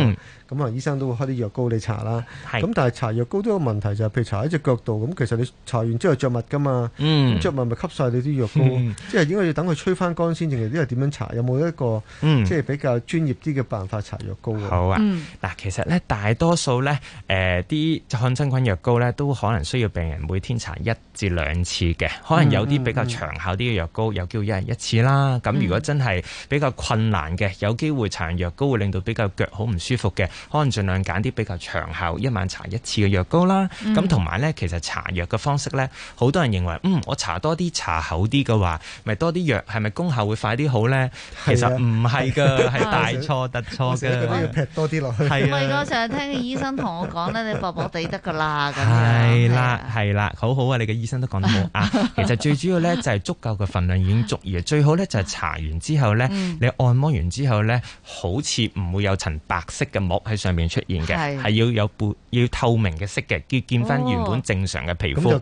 咁、嗯、啊醫生都會開啲藥膏你搽啦。咁但係搽藥膏都有問題，就係譬如搽喺隻腳度，咁其實你搽完之後著襪㗎嘛，咁、嗯、著襪咪吸晒你啲藥膏。嗯、即係應該要等佢吹翻乾先，定係點樣搽？有冇一個、嗯、即係比較專業啲嘅辦法搽藥膏？好啊，嗱、嗯，其實咧大多數咧誒啲抗真菌藥膏咧都可能需要病人每天搽一至兩次嘅，可能有啲比較長效啲嘅藥膏又叫、嗯嗯、一日一次啦。咁、嗯、如果真係比較困難嘅有機會搽藥膏會令到比較腳好唔舒服嘅，可能盡量揀啲比較長效一晚搽一次嘅藥膏啦。咁同埋呢，其實搽藥嘅方式呢，好多人認為，嗯，我搽多啲搽厚啲嘅話，咪多啲藥，係咪功效會快啲好呢？啊，其實唔係㗎，係 大錯 特錯嘅。係啊， 我成日聽醫生同我講呢，你薄薄地得㗎啦。係啦、啊，係、okay、啦、啊啊，好好啊！你嘅醫生都講得好 啊。其實最主要呢，就係、是、足夠嘅份量已經足矣，最好呢，就係、是、搽完之後呢，嗯、你按摩完。之後咧，好似唔會有層白色嘅膜喺上面出現嘅，係要有薄要透明嘅色嘅，要見翻原本正常嘅皮膚、哦。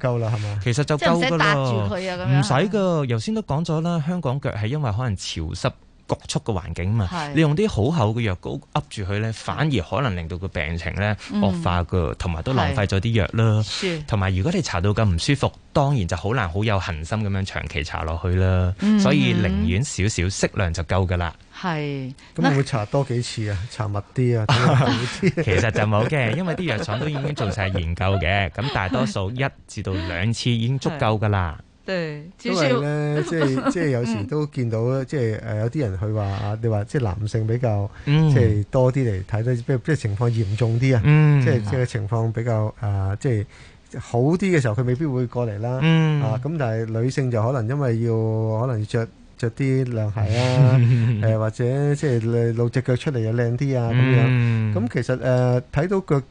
其實就夠噶咯，唔使噶。頭先都講咗啦，香港腳係因為可能潮濕局促嘅環境啊嘛。你用啲好厚嘅藥膏握住佢咧，反而可能令到個病情咧惡化噶，同埋都浪費咗啲藥啦。同埋如果你搽到咁唔舒服，當然就好難好有恒心咁樣長期搽落去啦、嗯。所以寧願少少適量就夠噶啦。係，咁會搽多幾次啊？搽密啲啊？其實就冇嘅，因為啲藥廠都已經做晒研究嘅。咁大多數一至到兩次已經足夠噶啦。因為咧，即係即係有時都見到，即係誒有啲人去話，你話即係男性比較即係多啲嚟睇，即係情況嚴重啲啊。即係即係情況比較誒即係好啲嘅時候，佢未必會過嚟啦。啊咁，但係女性就可能因為要可能要著。着啲涼鞋啊，誒、 呃、或者即係、就是、露隻腳出嚟又靚啲啊，咁、嗯、樣，咁其實誒睇、呃、到腳。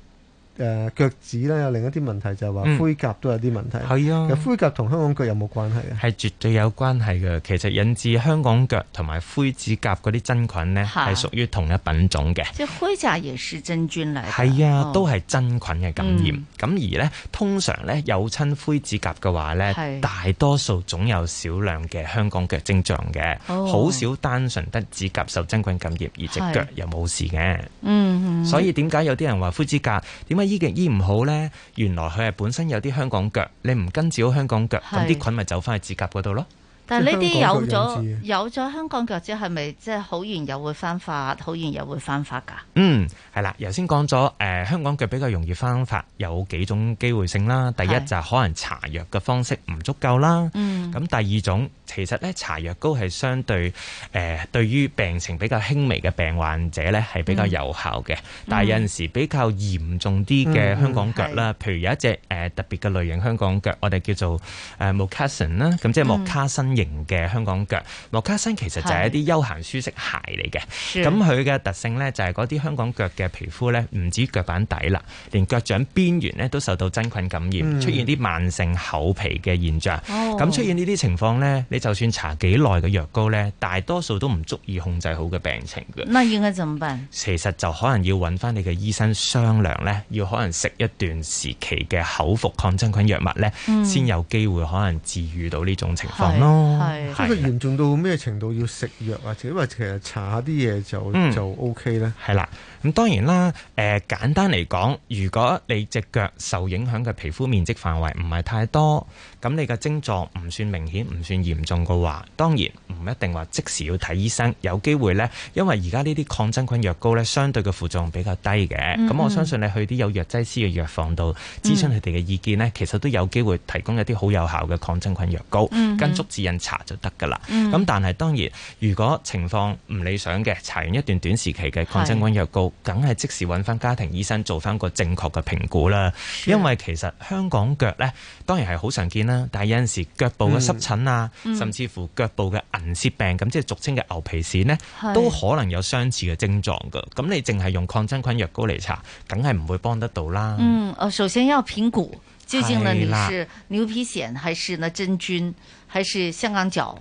誒、呃、腳趾咧有另一啲問題，就係、是、話灰甲都有啲問題。係、嗯、啊，其實灰甲同香港腳有冇關係啊？係絕對有關係嘅。其實引致香港腳同埋灰指甲嗰啲真菌呢，係屬於同一品種嘅。即灰甲也是真菌嚟。係啊，哦、都係真菌嘅感染。咁、嗯、而呢，通常呢，有親灰指甲嘅話呢，大多數總有少量嘅香港腳症狀嘅。好、哦、少單純得指甲受真菌感染，而隻腳又冇事嘅、嗯。所以點解有啲人話灰指甲點解？醫極醫唔好呢，原來佢係本身有啲香港腳，你唔根治好香港腳，咁啲是菌咪走翻去指甲嗰度咯。但係呢啲有咗有咗香港腳之後，即係咪即係好完又會翻發，好完又會翻發噶？嗯，係啦，頭先講咗，誒、呃，香港腳比較容易翻發，有幾種機會性啦。第一就係可能搽藥嘅方式唔足夠啦。嗯，咁第二種。其實咧，搽藥膏係相對誒、呃、對於病情比較輕微嘅病患者咧係比較有效嘅、嗯，但係有陣時比較嚴重啲嘅香港腳啦、嗯，譬如有一隻、呃、特別嘅類型香港腳，我哋叫做誒莫卡森啦，咁即係莫卡森型嘅香港腳。莫卡森其實就係一啲休閒舒適鞋嚟嘅，咁佢嘅特性咧就係嗰啲香港腳嘅皮膚咧唔止腳板底啦，連腳掌邊緣咧都受到真菌感染，嗯、出現啲慢性厚皮嘅現象。咁、哦、出現呢啲情況咧，就算搽幾耐嘅藥膏咧，大多數都唔足以控制好嘅病情嘅。那應該怎麼辦？其實就可能要搵翻你嘅醫生商量咧，要可能食一段時期嘅口服抗真菌藥物咧，先、嗯、有機會可能治癒到呢種情況咯。係嚴重到咩程度要食藥，或者話其實搽下啲嘢，就就 OK 咧？係、嗯、啦，咁、嗯嗯嗯嗯、當然啦。誒、呃，簡單嚟講，如果你隻腳受影響嘅皮膚面積範圍唔係太多。咁你嘅症狀唔算明顯，唔算嚴重嘅話，當然唔一定話即時要睇醫生。有機會呢，因為而家呢啲抗真菌藥膏呢，相對嘅副作用比較低嘅。咁、嗯、我相信你去啲有藥劑師嘅藥房度諮詢佢哋嘅意見呢、嗯，其實都有機會提供一啲好有效嘅抗真菌藥膏、嗯，跟足指引搽就得㗎喇。咁、嗯、但係當然，如果情況唔理想嘅，搽完一段短時期嘅抗真菌藥膏，梗係即時揾返家庭醫生做返個正確嘅評估啦。因為其實香港腳呢，當然係好常見。但係有陣時腳部嘅濕疹啊、嗯，甚至乎腳部嘅銀屑病，咁、嗯、即係俗稱嘅牛皮癬呢，都可能有相似嘅症狀噶。咁你淨係用抗真菌藥膏嚟搽，梗係唔會幫得到啦。嗯，哦，首先要評估究,究竟咧你係牛皮癬還是咧真菌。還是香港腳，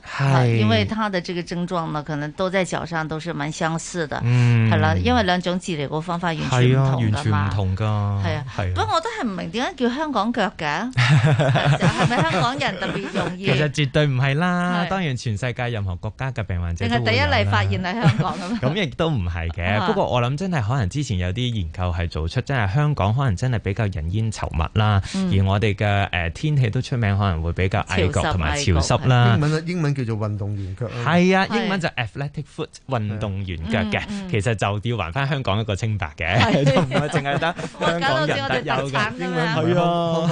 因為它的這個症狀呢，可能都在腳上，都是蠻相似的。嗯，係啦，因為兩種治療嘅方法完全唔同噶嘛，係啊，係不過、啊啊、我都係唔明點解叫香港腳嘅，係 咪、就是、香港人特別容易？ 其實絕對唔係啦是，當然全世界任何國家嘅病患者都係。第一例發現喺香港咁， 咁亦都唔係嘅。不過我諗真係可能之前有啲研究係做出，真係、啊、香港可能真係比較人煙稠密啦，嗯、而我哋嘅誒天氣都出名，可能會比較和潮濕，同埋潮。濕啦，英文英文叫做運動員腳，係啊，英文就 athletic foot，運動員腳嘅，其實就要還翻香港一個清白嘅，唔係淨係得香港人特有嘅，係啊，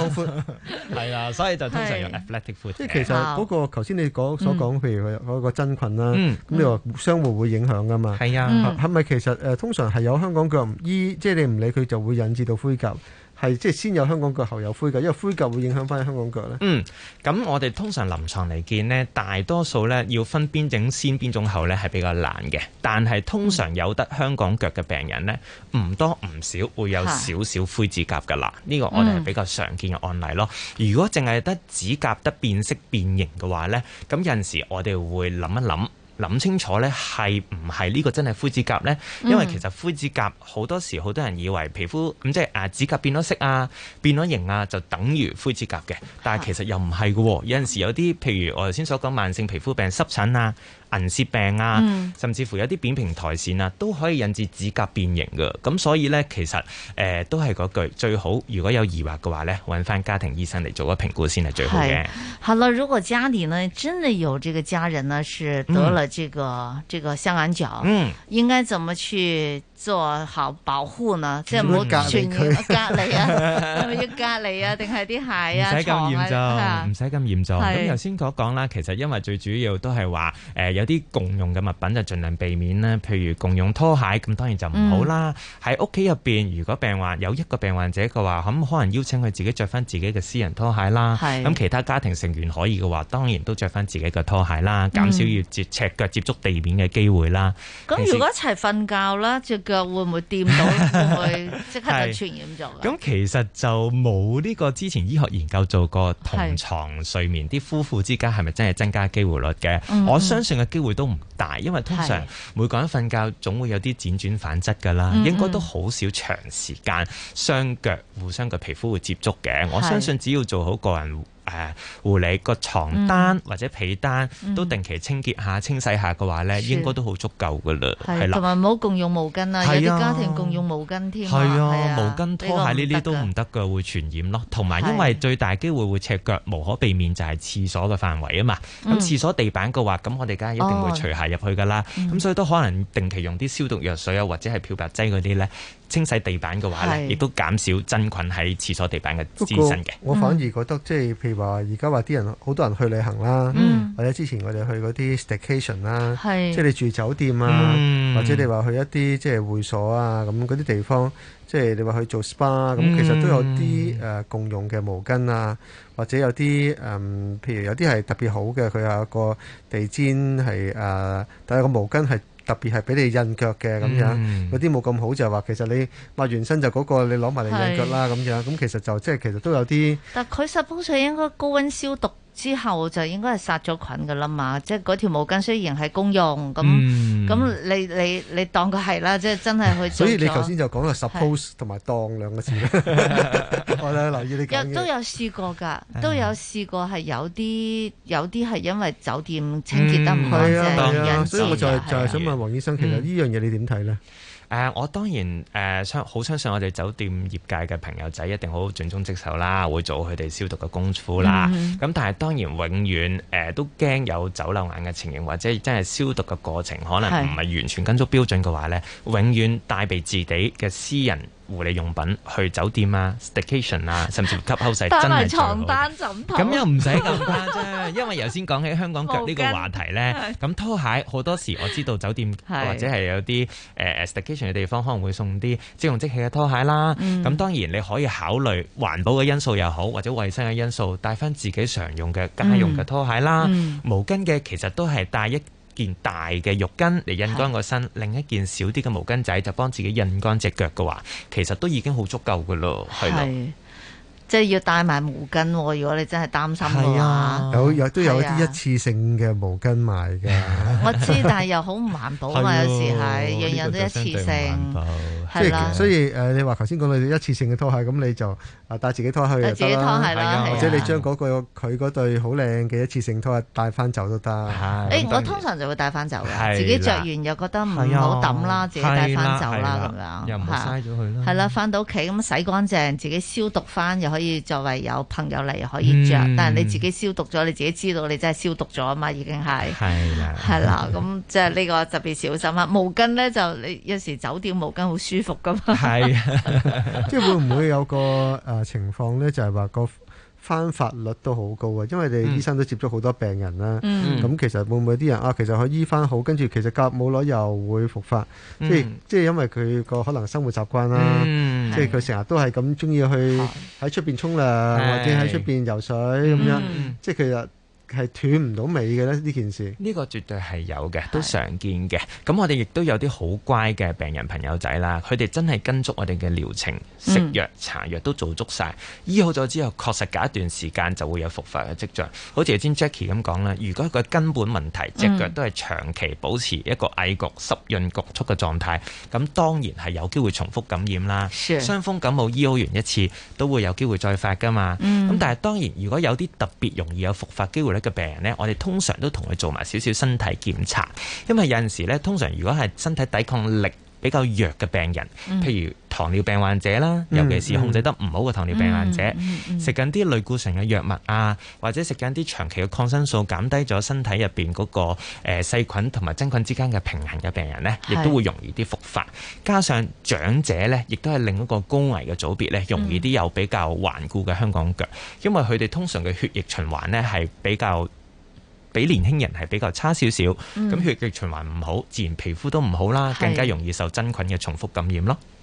係啦，所以就通常用 athletic foot。即係其實嗰個頭先你講所講，譬如佢嗰個真菌啦，咁你話相互會影響噶嘛，係啊，係咪其實誒通常係有香港腳，唔醫即係你唔理佢就會引致到灰甲。係即係先有香港腳後有灰甲，因為灰甲會影響翻香港腳呢，嗯，咁我哋通常臨床嚟見呢，大多數呢，要分邊種先邊種後呢係比較難嘅。但係通常有得香港腳嘅病人呢，唔多唔少會有少少灰指甲㗎啦。呢、這個我哋係比較常見嘅案例咯。如果淨係得指甲得變色變形嘅話呢，咁有陣時我哋會諗一諗。諗清楚咧，係唔係呢個真係灰指甲呢？因為其實灰指甲好多時，好多人以為皮膚咁即係指甲變咗色啊、變咗形啊，就等於灰指甲嘅。但係其實又唔係嘅喎，有陣時有啲譬如我頭先所講慢性皮膚病濕疹啊。銀屑病啊，甚至乎有啲扁平苔蘚啊，都可以引致指甲變形嘅。咁所以咧，其實誒、呃、都係嗰句，最好如果有疑惑嘅話咧，揾翻家庭醫生嚟做個評估先係最好嘅。係，好了，如果家裏呢真的有這個家人呢是得了這個、嗯、這個香港腳，嗯，應該怎麼去？做好保護啊，即係唔好傳染隔離啊，係 咪要隔離啊？定係啲鞋啊？唔使咁嚴重，唔使咁嚴重。咁頭先講講啦，其實因為最主要都係話誒有啲共用嘅物品就儘量避免啦。譬如共用拖鞋，咁當然就唔好啦。喺屋企入邊，如果病患有一個病患者嘅話，咁可能邀請佢自己着返自己嘅私人拖鞋啦。咁其他家庭成員可以嘅話，當然都着返自己嘅拖鞋啦，減少要接、嗯、赤腳接觸地面嘅機會啦。咁如果一齊瞓覺啦，就腳會唔會掂到？ 會唔會即刻就傳染咗？咁其實就冇呢個，之前醫學研究做過同床睡眠啲夫婦之間係咪真係增加機會率嘅？我相信嘅機會都唔大，因為通常每個人瞓覺總會有啲輾轉反側㗎啦，應該都好少長時間雙腳互相嘅皮膚會接觸嘅。我相信只要做好個人。誒護理個床單或者被單都定期清潔下、嗯、清洗下嘅話咧、嗯，應該都好足夠㗎啦，係啦。同埋唔好共用毛巾啊，有啲家庭共用毛巾添。係啊，毛巾拖鞋呢啲、這個、都唔得㗎，會傳染咯。同埋因為最大機會會赤腳，無可避免就係廁所嘅範圍啊嘛。咁、嗯、廁所地板嘅話，咁我哋梗係一定會除鞋入去噶啦。咁、哦、所以都可能定期用啲消毒藥水啊，或者係漂白劑嗰啲咧，清洗地板嘅話呢，亦都減少真菌喺廁所地板嘅滋生嘅。我反而覺得即係譬如話，而家話啲人好多人去旅行啦，或者之前我哋去嗰啲 staycation 啦，即係你住酒店啊，或者你話去一啲即係會所啊，咁嗰啲地方，即係你話去做 SPA，咁其實都有啲誒共用嘅毛巾啊，或者有啲誒，譬如有啲係特別好嘅，佢有一個地氈係誒，但係個毛巾係。特別係俾你印腳嘅咁、嗯、樣，嗰啲冇咁好就係、是、話其實你抹完身就嗰、那個你攞埋嚟印腳啦咁樣，咁其實就即係其實都有啲。但佢十方水應該高溫消毒，之後就應該係殺咗菌噶啦嘛，即係嗰條毛巾雖然係公用，咁咁、嗯、你你你，你當佢係啦，即係真係去。所以你頭先就講咗 suppose 同埋是當兩個字。 我留意你講都有試過㗎，都有試過係有啲有啲係因為酒店清潔得唔好，即係引致。啊啊、所以、就是、我就係就係想問王醫生，嗯、其實呢樣嘢你點睇咧？誒、呃，我當然誒，相、呃、好相信我哋酒店業界嘅朋友仔一定好盡忠職守啦，會做佢哋消毒嘅功夫啦。咁、嗯、但係當然永遠誒、呃，都驚有走漏眼嘅情形，或者真係消毒嘅過程可能唔係完全跟足標準嘅話呢，永遠帶備自己嘅私人。護理用品去酒店啊，staycation 啊，甚至吸溼劑真係床單枕頭咁 又唔使咁誇張啫，因為頭先講起香港腳呢個話題咧，咁拖鞋好多時我知道酒店或者係有啲誒、呃、staycation 嘅地方可能會送啲即用即棄嘅拖鞋啦。咁、嗯、當然你可以考慮環保嘅因素又好，或者衛生嘅因素，帶翻自己常用嘅家用嘅拖鞋啦。嗯嗯、毛巾嘅其實都係帶一。一件大嘅浴巾嚟印乾個身，另一件少啲嘅毛巾仔就幫自己印乾隻腳嘅話，其實都已經好足夠㗎咯，係咯。即係要帶埋毛巾，如果你真係擔心嘅話，有有都有啲一次性嘅毛巾賣嘅。我知，但係又好唔環保嘛，有時係樣樣都一次性。係啦，所以誒，你話頭先講到一次性嘅拖鞋，咁你就啊帶自己拖鞋又得啦，或者你將嗰個佢嗰對好靚嘅一次性拖鞋帶翻走都得。誒，我通常就會帶翻走嘅，自己着完又覺得唔好抌啦，自己帶翻走啦咁樣，又唔嘥咗佢啦。係啦，翻到屋企咁洗乾淨，自己消毒翻又可以作為有朋友嚟可以着、嗯。但係你自己消毒咗，你自己知道你真係消毒咗啊嘛，已經係係啦，係啦、啊，咁即係呢個特別小心啊。毛巾咧就你有時酒店毛巾好舒服㗎嘛，係、啊、 即係會唔會有個誒、呃、情況咧？就係、是、話個。翻發率都好高啊，因為你哋醫生都接觸好多病人啦。咁、嗯、其實會唔會啲人啊？其實佢醫翻好，跟住其實隔冇耐又會復發，嗯、即係即係因為佢個可能生活習慣啦，嗯、即係佢成日都係咁中意去喺出邊沖涼，嗯、或者喺出邊游水咁、嗯、樣，嗯、即係其實。係斷唔到尾嘅呢件事？呢、這個絕對係有嘅，都常見嘅。咁我哋亦都有啲好乖嘅病人朋友仔啦，佢哋真係跟足我哋嘅療程，嗯、食藥、搽藥都做足晒。醫好咗之後，確實隔一段時間就會有復發嘅跡象。嗯、好似阿 j Jackie 咁講啦，如果佢根本問題隻腳、嗯、都係長期保持一個翳焗濕潤焗促嘅狀態，咁當然係有機會重複感染啦。傷風感冒醫好完一次都會有機會再發㗎嘛。咁、嗯、但係當然如果有啲特別容易有復發機會。嘅病人咧，我哋通常都同佢做埋少少身體檢查，因為有陣時咧，通常如果係身體抵抗力比較弱嘅病人，譬如，糖尿病患者啦，尤其是控制得唔好嘅糖尿病患者，食緊啲類固醇嘅藥物啊，或者食緊啲長期嘅抗生素，減低咗身體入邊嗰個誒細菌同埋真菌之間嘅平衡嘅病人呢，亦都會容易啲復發。加上長者呢，亦都係另一個高危嘅組別呢，容易啲有比較頑固嘅香港腳，嗯、因為佢哋通常嘅血液循環呢，係比較比年輕人係比較差少少，咁、嗯、血液循環唔好，自然皮膚都唔好啦，更加容易受真菌嘅重複感染咯。